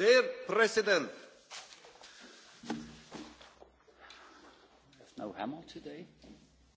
Dear President. There's no Hamill today.